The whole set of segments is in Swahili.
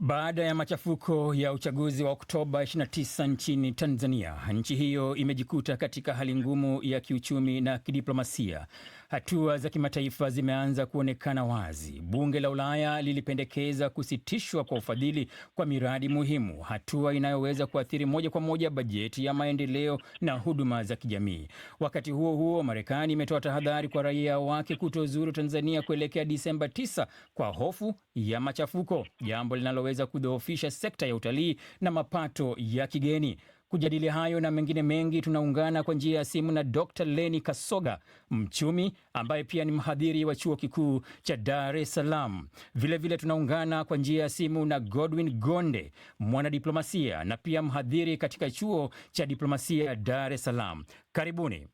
Baada ya machafuko ya uchaguzi wa Oktoba 29 nchini Tanzania, nchi hiyo imejikuta katika hali ngumu ya kiuchumi na kidiplomasia. Hatua za kimataifa zimeanza kuonekana wazi. Bunge la Ulaya lilipendekeza kusitishwa kwa ufadhili kwa miradi muhimu, hatua inayoweza kuathiri moja kwa moja bajeti ya maendeleo na huduma za kijamii. Wakati huo huo, Marekani imetoa tahadhari kwa raia wake kutozuru Tanzania kuelekea Disemba 9 kwa hofu ya machafuko, jambo linaloweza kudhoofisha sekta ya utalii na mapato ya kigeni. Kujadili hayo na mengine mengi, tunaungana kwa njia ya simu na Dr. Leni Kasoga, mchumi ambaye pia ni mhadhiri wa chuo kikuu cha Dar es Salaam. Vilevile tunaungana kwa njia ya simu na Godwin Gonde, mwanadiplomasia na pia mhadhiri katika chuo cha diplomasia ya Dar es Salaam. Karibuni.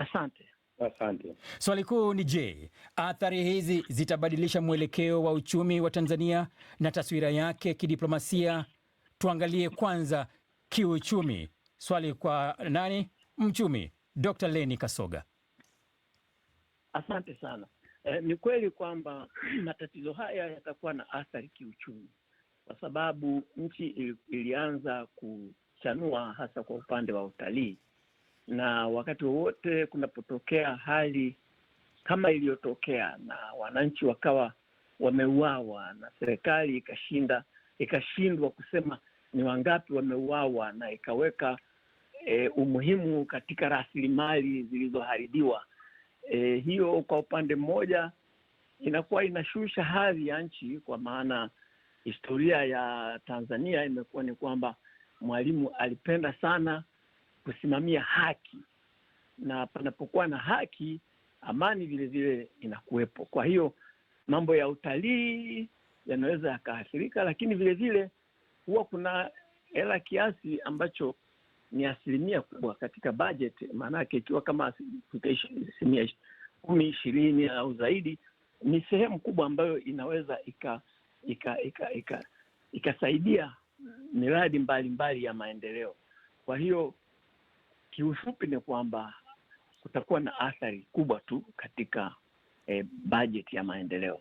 Asante. Asante. Swali kuu ni je, athari hizi zitabadilisha mwelekeo wa uchumi wa Tanzania na taswira yake kidiplomasia Tuangalie kwanza kiuchumi. Swali kwa nani? Mchumi Dr. Leni Kasoga. Asante sana. E, ni kweli kwamba matatizo haya yatakuwa na athari kiuchumi, kwa sababu nchi ilianza kuchanua hasa kwa upande wa utalii, na wakati wowote kunapotokea hali kama iliyotokea na wananchi wakawa wameuawa na serikali ikashinda ikashindwa kusema ni wangapi wameuawa, na ikaweka e, umuhimu katika rasilimali zilizoharibiwa. E, hiyo kwa upande mmoja inakuwa inashusha hadhi ya nchi, kwa maana historia ya Tanzania imekuwa ni kwamba Mwalimu alipenda sana kusimamia haki, na panapokuwa na haki, amani vilevile inakuwepo. Kwa hiyo mambo ya utalii yanaweza yakaathirika, lakini vilevile huwa kuna hela kiasi ambacho ni asilimia kubwa katika bajeti. Maanake ikiwa kama asilimia kumi ishirini au zaidi, ni sehemu kubwa ambayo inaweza ika ika ika ika ikasaidia miradi mbalimbali ya maendeleo. Kwa hiyo kiufupi ni kwamba kutakuwa na athari kubwa tu katika eh, bajeti ya maendeleo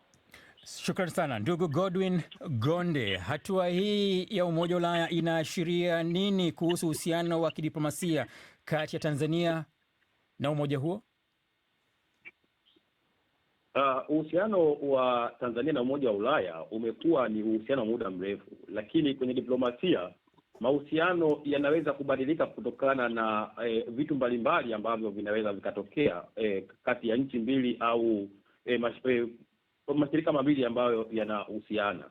shukran sana ndugu Godwin Gonde. Hatua hii ya Umoja wa Ulaya inaashiria nini kuhusu uhusiano wa kidiplomasia kati ya Tanzania na umoja huo? Uh, uhusiano wa Tanzania na Umoja wa Ulaya umekuwa ni uhusiano wa muda mrefu, lakini kwenye diplomasia mahusiano yanaweza kubadilika kutokana na e, vitu mbalimbali ambavyo vinaweza vikatokea e, kati ya nchi mbili au e, mash, e, mashirika mawili ambayo yanahusiana.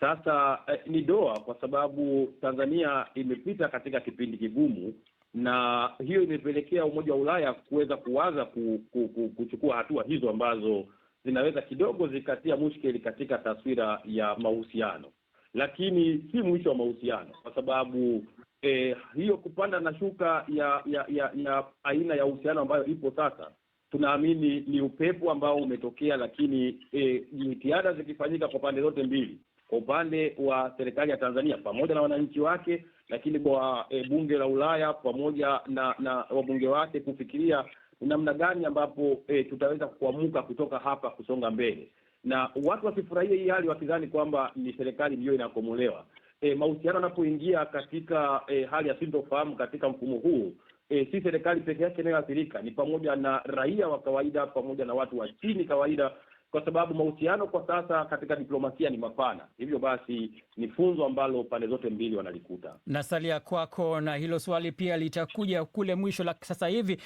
Sasa eh, ni doa kwa sababu Tanzania imepita katika kipindi kigumu, na hiyo imepelekea Umoja wa Ulaya kuweza kuwaza ku, ku, ku, kuchukua hatua hizo ambazo zinaweza kidogo zikatia mushkeli katika taswira ya mahusiano, lakini si mwisho wa mahusiano kwa sababu eh, hiyo kupanda na shuka ya ya, ya, ya aina ya uhusiano ambayo ipo sasa tunaamini ni upepo ambao umetokea, lakini eh, jitihada e, zikifanyika kwa pande zote mbili, kwa upande wa serikali ya Tanzania pamoja na wananchi wake, lakini kwa e, bunge la Ulaya pamoja na na wabunge wake kufikiria namna gani ambapo e, tutaweza kuamuka kutoka hapa kusonga mbele, na watu wasifurahie hii hali wakidhani kwamba ni serikali ndiyo inakomolewa. E, mahusiano yanapoingia katika e, hali ya sintofahamu katika mfumo huu e, si serikali peke yake inayoathirika, ni pamoja na raia wa kawaida pamoja na watu wa chini kawaida, kwa sababu mahusiano kwa sasa katika diplomasia ni mapana. Hivyo basi ni funzo ambalo pande zote mbili wanalikuta. Na salia kwako na hilo swali pia litakuja kule mwisho. La sasa hivi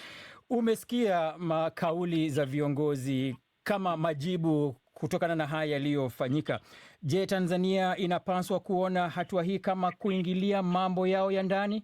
umesikia kauli za viongozi kama majibu kutokana na haya yaliyofanyika. Je, Tanzania inapaswa kuona hatua hii kama kuingilia mambo yao ya ndani?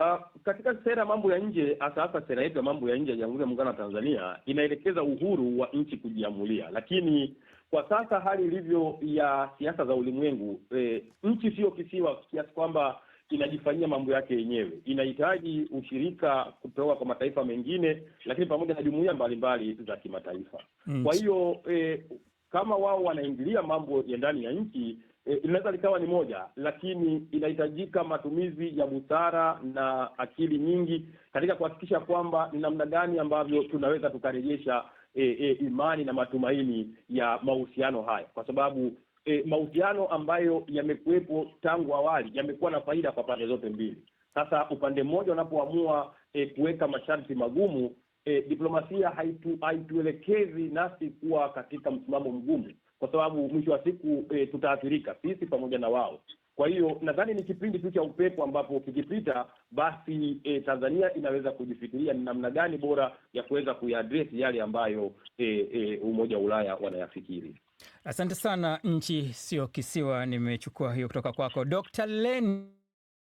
Uh, katika sera mambo ya nje hasa hasa sera yetu ya mambo ya nje ya Jamhuri ya Muungano wa Tanzania inaelekeza uhuru wa nchi kujiamulia, lakini kwa sasa hali ilivyo ya siasa za ulimwengu eh, nchi sio kisiwa kiasi kwamba inajifanyia mambo yake yenyewe. Inahitaji ushirika kutoka kwa mataifa mengine, lakini pamoja na jumuiya mbalimbali za kimataifa. Kwa hiyo eh, kama wao wanaingilia mambo ya ndani ya nchi e, linaweza likawa ni moja, lakini inahitajika matumizi ya busara na akili nyingi katika kuhakikisha kwamba ni namna gani ambavyo tunaweza tukarejesha e, e, imani na matumaini ya mahusiano haya, kwa sababu e, mahusiano ambayo yamekuwepo tangu awali yamekuwa na faida kwa pande zote mbili. Sasa upande mmoja unapoamua e, kuweka masharti magumu e, diplomasia haitu, haituelekezi nasi kuwa katika msimamo mgumu kwa sababu mwisho wa siku e, tutaathirika sisi pamoja na wao. Kwa hiyo nadhani ni kipindi tu cha upepo ambapo kikipita basi e, Tanzania inaweza kujifikiria ni namna gani bora ya kuweza kuyaadress yale ambayo e, e, Umoja wa Ulaya wanayafikiri. Asante sana. Nchi sio kisiwa, nimechukua hiyo kutoka kwako Dr. Len.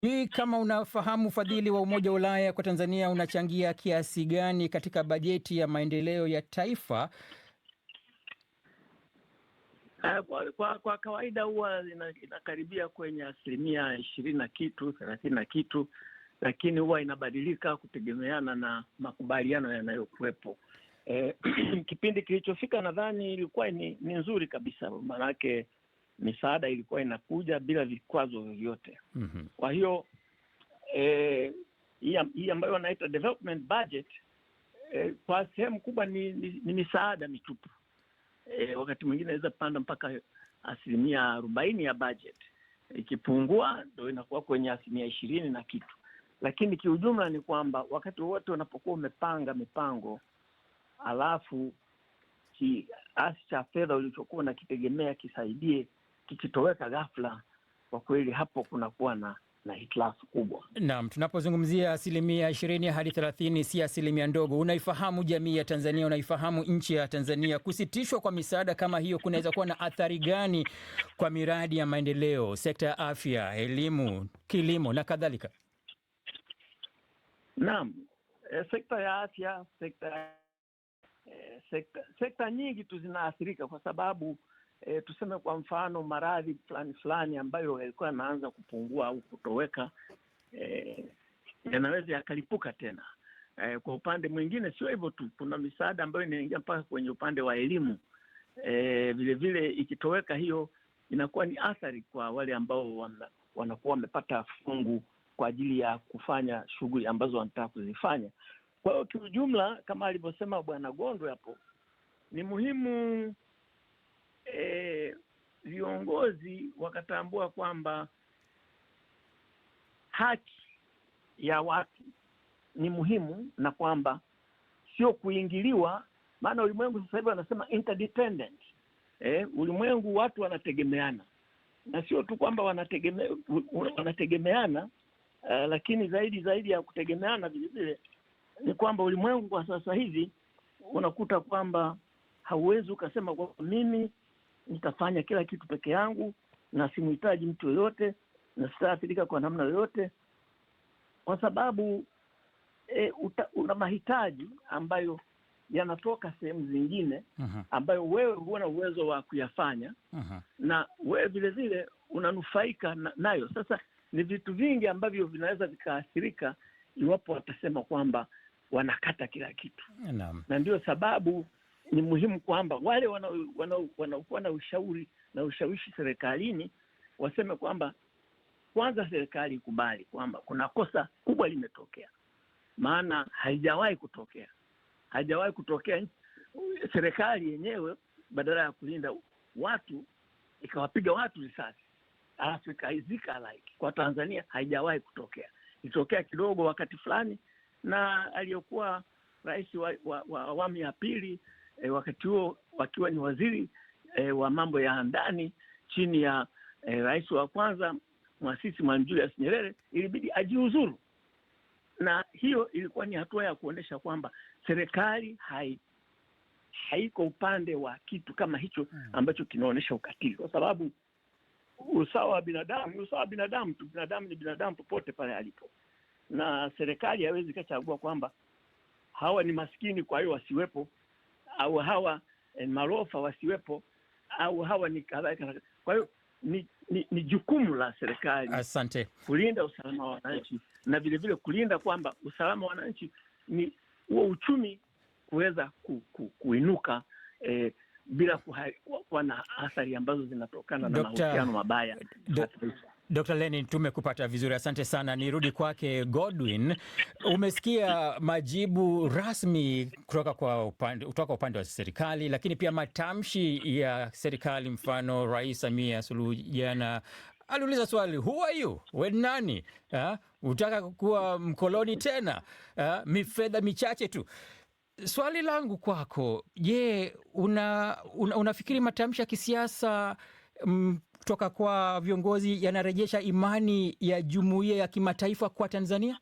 Hii kama unafahamu, ufadhili wa Umoja wa Ulaya kwa Tanzania unachangia kiasi gani katika bajeti ya maendeleo ya taifa Eh, kwa, kwa, kwa kawaida huwa inakaribia kwenye asilimia ishirini na kitu thelathini na kitu, lakini huwa inabadilika kutegemeana na makubaliano yanayokuwepo. E, kipindi kilichofika nadhani ilikuwa ni, ni nzuri kabisa, maanake misaada ilikuwa inakuja bila vikwazo vyovyote. mm -hmm. Kwa hiyo e, hii ambayo wanaita development budget e, kwa sehemu kubwa ni, ni, ni misaada mitupu e, wakati mwingine inaweza panda mpaka asilimia arobaini ya budget. Ikipungua ndo inakuwa kwenye asilimia ishirini na kitu, lakini kiujumla ni kwamba wakati wowote unapokuwa umepanga mipango alafu kiasi cha fedha ulichokuwa unakitegemea kisaidie kikitoweka ghafla, kwa kweli hapo kunakuwa na na hitilafu kubwa. Naam, tunapozungumzia asilimia ishirini hadi thelathini si asilimia ndogo. Unaifahamu jamii ya Tanzania, unaifahamu nchi ya Tanzania. Kusitishwa kwa misaada kama hiyo kunaweza kuwa na athari gani kwa miradi ya maendeleo, sekta ya afya, elimu, kilimo na kadhalika? Naam, e, sekta ya afya, sekta, e, sekta, sekta nyingi tu zinaathirika kwa sababu e, tuseme kwa mfano maradhi fulani fulani ambayo yalikuwa yanaanza kupungua au kutoweka e, yanaweza yakalipuka tena. E, kwa upande mwingine sio hivyo tu, kuna misaada ambayo inaingia mpaka kwenye upande wa elimu e, vilevile ikitoweka hiyo inakuwa ni athari kwa wale ambao wana, wanakuwa wamepata fungu kwa ajili ya kufanya shughuli ambazo wanataka kuzifanya. Kwa hiyo kiujumla, kama alivyosema Bwana Gondo hapo, ni muhimu e, viongozi wakatambua kwamba haki ya watu ni muhimu na kwamba sio kuingiliwa, maana ulimwengu sasa hivi wanasema interdependent. e, ulimwengu watu wanategemeana na sio tu kwamba wanategeme, wanategemeana uh, lakini zaidi zaidi ya kutegemeana vilevile ni kwamba ulimwengu kwa sasa hivi unakuta kwamba hauwezi ukasema kwamba mimi nitafanya kila kitu peke yangu na simhitaji mtu yoyote na sitaathirika kwa namna yoyote, kwa sababu e, uta, una mahitaji ambayo yanatoka sehemu zingine ambayo wewe huona uwezo wa kuyafanya. uh-huh. na wewe vile vile unanufaika na, nayo. Sasa ni vitu vingi ambavyo vinaweza vikaathirika iwapo watasema kwamba wanakata kila kitu. Naam. Na ndio sababu ni muhimu kwamba wale wanaokuwa na ushauri na ushawishi serikalini waseme kwamba kwanza serikali ikubali kwamba kuna kosa kubwa limetokea, maana haijawahi kutokea, haijawahi kutokea. Serikali yenyewe badala ya kulinda watu ikawapiga watu risasi alafu ikaizika halaiki. Kwa Tanzania haijawahi kutokea, ilitokea kidogo wakati fulani, na aliyekuwa rais wa awamu ya pili e, wakati huo wakiwa ni waziri e, wa mambo ya ndani chini ya e, rais wa kwanza mwasisi Mwalimu Julius Nyerere, ilibidi ajiuzuru, na hiyo ilikuwa ni hatua ya kuonyesha kwamba serikali hai haiko upande wa kitu kama hicho hmm. ambacho kinaonyesha ukatili, kwa sababu usawa wa binadamu ni usawa wa binadamu tu. Binadamu ni binadamu popote pale alipo, na serikali haiwezi ikachagua kwamba hawa ni maskini, kwa hiyo wasiwepo, au hawa eh, marofa wasiwepo au hawa ni kadhalika. Kwa hiyo ni, ni, ni jukumu la serikali asante, kulinda usalama wa wananchi na vilevile kulinda kwamba usalama wa wananchi ni huo uchumi kuweza ku, ku, kuinuka eh, bila kuwa na athari ambazo zinatokana na mahusiano mabaya. Dr. Lenin, tumekupata vizuri, asante sana. Nirudi kwake Godwin, umesikia majibu rasmi kutoka kwa upande, kutoka upande wa serikali, lakini pia matamshi ya serikali. Mfano, Rais Samia Suluhu jana aliuliza swali who are you, we nani? Ha? Ah, Utaka kuwa mkoloni tena? Ha? Ah, Mifedha michache tu Swali langu kwako, je, una, una, unafikiri matamshi ya kisiasa mm, kutoka kwa viongozi yanarejesha imani ya jumuiya ya kimataifa kwa Tanzania?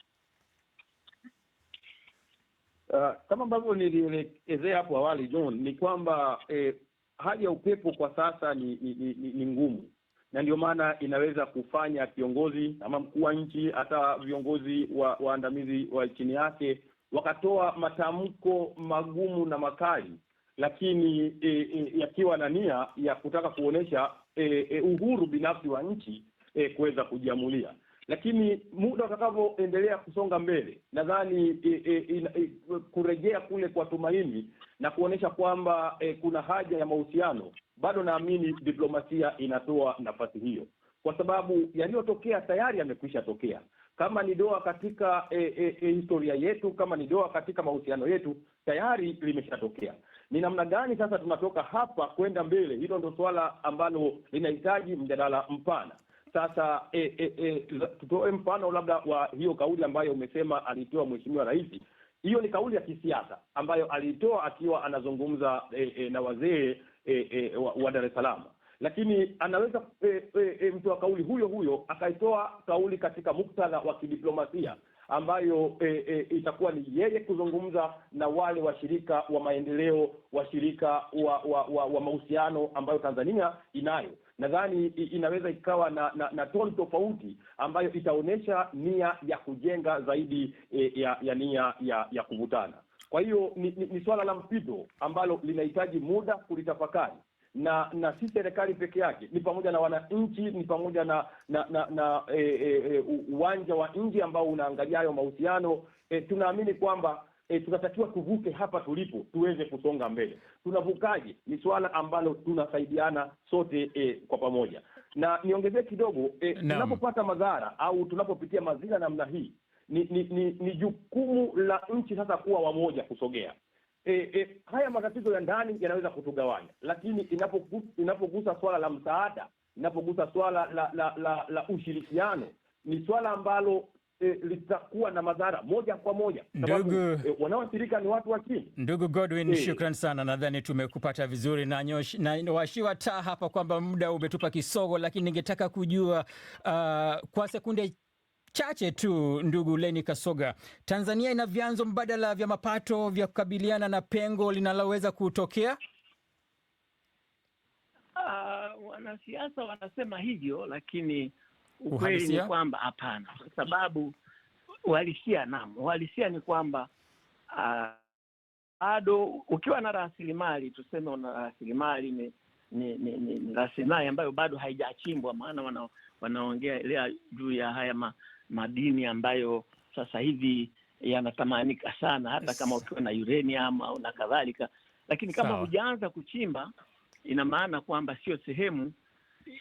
Uh, kama ambavyo nilielezea hapo awali John, ni kwamba eh, hali ya upepo kwa sasa ni, ni, ni, ni ngumu na ndio maana inaweza kufanya kiongozi ama mkuu wa nchi hata viongozi wa waandamizi wa chini yake wakatoa matamko magumu na makali, lakini e, e, yakiwa na nia ya kutaka kuonyesha e, e, uhuru binafsi wa nchi e, kuweza kujiamulia lakini muda utakavyoendelea kusonga mbele, nadhani e, e, e, kurejea kule kwa tumaini na kuonesha kwamba e, kuna haja ya mahusiano, bado naamini diplomasia inatoa nafasi hiyo, kwa sababu yaliyotokea tayari yamekwisha tokea. Kama ni doa katika e, e, e, historia yetu, kama ni doa katika mahusiano yetu, tayari limeshatokea ni namna gani sasa tunatoka hapa kwenda mbele. Hilo ndo suala ambalo linahitaji mjadala mpana. Sasa e, e, e, tutoe mfano labda wa hiyo kauli ambayo umesema aliitoa mweshimiwa raisi Hiyo ni kauli ya kisiasa ambayo aliitoa akiwa anazungumza e, e, na wazee e, e, wa, wa Dar es Salaam, lakini anaweza e, e, e, mtoa kauli huyo huyo akaitoa kauli katika muktadha wa kidiplomasia ambayo e, e, itakuwa ni yeye kuzungumza na wale washirika wa maendeleo, washirika wa, wa, wa, wa mahusiano ambayo Tanzania inayo. Nadhani inaweza ikawa na, na, na toni tofauti ambayo itaonyesha nia ya kujenga zaidi e, ya, ya nia ya, ya kuvutana. Kwa hiyo ni, ni, ni swala la mpito ambalo linahitaji muda kulitafakari na na si serikali peke yake, ni pamoja na wananchi, ni pamoja na na na, na e, e, e uwanja wa nje ambao unaangalia hayo mahusiano e, tunaamini kwamba E, tunatakiwa tuvuke hapa tulipo tuweze kusonga mbele. Tunavukaje? Ni swala ambalo tunasaidiana sote e, kwa pamoja, na niongezee kidogo e, tunapopata madhara au tunapopitia mazira namna hii, ni ni, ni ni jukumu la nchi sasa kuwa wamoja kusogea E, e, haya matatizo ya ndani yanaweza kutugawanya, lakini inapogusa, inapogusa swala la msaada, inapogusa swala la la, la, la ushirikiano ni swala ambalo e, litakuwa na madhara moja kwa moja sababu e, wanaoathirika ni watu wa chini. Ndugu Godwin e, shukran sana, nadhani tumekupata vizuri na, nyosh, na washiwa taa hapa kwamba muda umetupa kisogo, lakini ningetaka kujua uh, kwa sekunde chache tu. Ndugu Leni Kasoga, Tanzania ina vyanzo mbadala vya mapato vya kukabiliana na pengo linaloweza kutokea? Uh, wanasiasa wanasema hivyo, lakini ukweli ni kwamba hapana, kwa sababu uhalisia nam, uhalisia ni kwamba ah, bado uh, ukiwa na rasilimali tuseme, una rasilimali ni ni, ni, ni rasilimali ambayo bado haijachimbwa, maana wana, lea juu ya haya ma, madini ambayo sasa hivi yanatamanika sana, hata kama ukiwa na uranium au na kadhalika, lakini kama hujaanza kuchimba, ina maana kwamba sio sehemu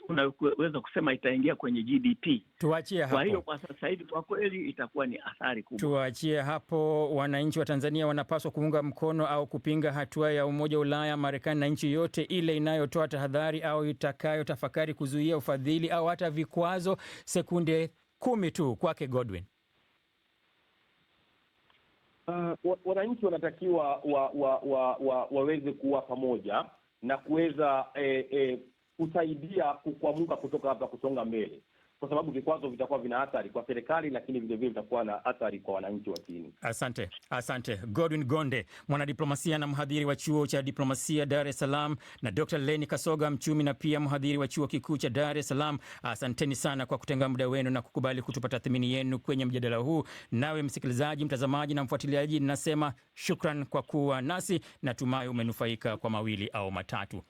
unaweza kusema itaingia kwenye GDP. Tuachie hapo. Kwa hiyo kwa sasa hivi kwa kweli itakuwa ni athari kubwa. Tuachie hapo. Wananchi wa Tanzania wanapaswa kuunga mkono au kupinga hatua ya Umoja wa Ulaya, Marekani na nchi yote ile inayotoa tahadhari au itakayotafakari kuzuia ufadhili au hata vikwazo. Sekunde kumi tu kwake Godwin. Uh, wananchi wanatakiwa wa, wa, wa, wa, waweze kuwa pamoja na kuweza eh, eh, kusaidia kukwamuka kutoka hapa kusonga mbele kwa sababu vikwazo vitakuwa vina athari kwa serikali, lakini vilevile vitakuwa na athari kwa wananchi wa chini. Asante, asante Godwin Gonde, mwanadiplomasia na mhadhiri wa chuo cha diplomasia Dar es Salaam, na Dr. Leni Kasoga, mchumi na pia mhadhiri wa chuo kikuu cha Dar es Salaam. Asanteni sana kwa kutenga muda wenu na kukubali kutupa tathmini yenu kwenye mjadala huu. Nawe msikilizaji, mtazamaji na mfuatiliaji, nasema shukran kwa kuwa nasi, natumai umenufaika kwa mawili au matatu.